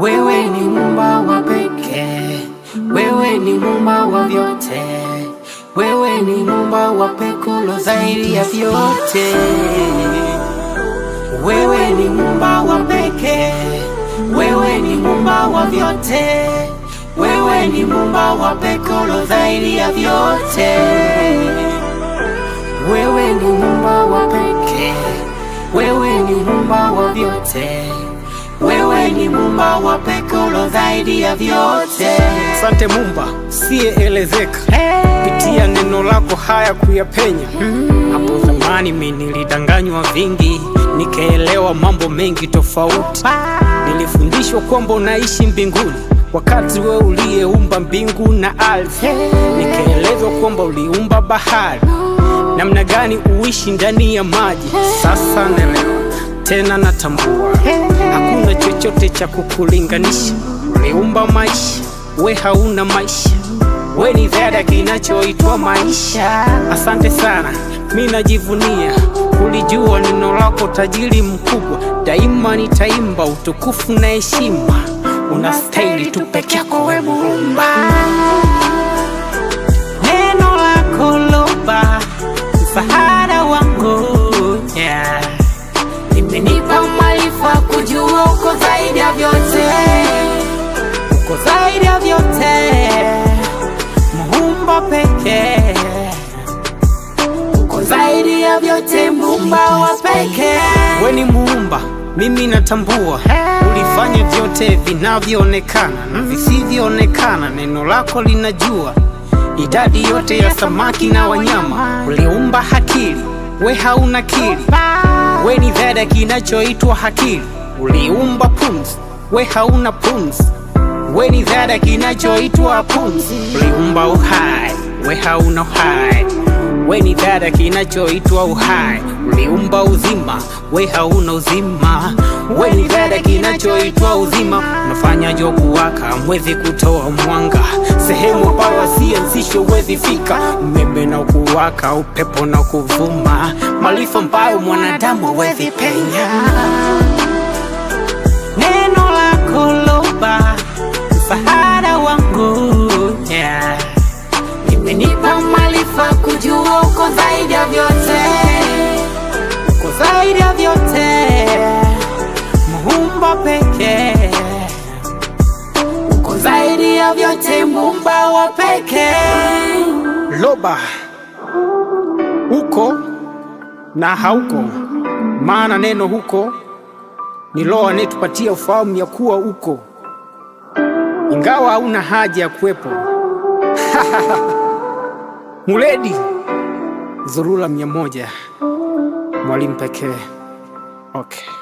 Wewe ni mumba wa pekee, wewe ni mumba wa vyote, wewe ni mumba wa pekolo zaidi ya vyote. Wewe ni mumba wa pekee, wewe ni mumba wa vyote, wewe ni mumba wa pekolo zaidi ya vyote. Wewe ni mumba wa pekee, wewe ni mumba wa vyote ni Mumba wa pekolo zaidi ya vyote. Sante Mumba siyeelezeka, pitia neno lako haya kuyapenya. Hmm. Hapo zamani mi nilidanganywa vingi, nikaelewa mambo mengi tofauti. Ah. Nilifundishwa kwamba unaishi mbinguni wakati we uliyeumba mbingu na ardhi. Nikaelezwa kwamba uliumba bahari, hmm. namna gani uishi ndani ya maji. Sasa nelewa tena natambua hakuna chochote cha kukulinganisha. Uliumba maisha, we hauna maisha, we ni dada kinachoitwa maisha. Asante sana, mi najivunia kulijua neno lako, tajiri mkubwa. Daima nitaimba utukufu na heshima, unastahili tu peke yako, we Muumba. kujua uko zaidi ya vyote, uko zaidi ya vyote, muumba pekee, uko zaidi ya vyote, muumba wa pekee. Wewe ni muumba, mimi natambua ulifanya vyote vinavyoonekana na visivyoonekana, neno lako linajua idadi yote ya samaki na wanyama. Uliumba akili, we hauna akili we ni dhada kinachoitwa hakili, uliumba pumzi, we hauna pumzi. We ni dhada kinachoitwa pumzi, uliumba uhai, we hauna uhai. We ni dhada kinachoitwa uhai uliumba uzima, we hauna uzima, we ni dada kinachoitwa uzima. Unafanya jo kuwaka, mwezi kutoa mwanga, sehemu ambayo asianzisho wezi fika, umeme na kuwaka, upepo na kuvuma, malifo mbayo mwanadamu wezipenya penya. Neno la koloba msahara wangu yeah. Nimenipa kujua uko zaidi ya vyote zaidi ya vyote, muumba pekee, uko zaidi ya vyote, muumba wa pekee. Loba uko na hauko, maana neno huko ni Roho anayetupatia ufahamu ya kuwa uko, ingawa hauna haja ya kuwepo. Muledi Zorula mia moja mwalimu pekee. Okay.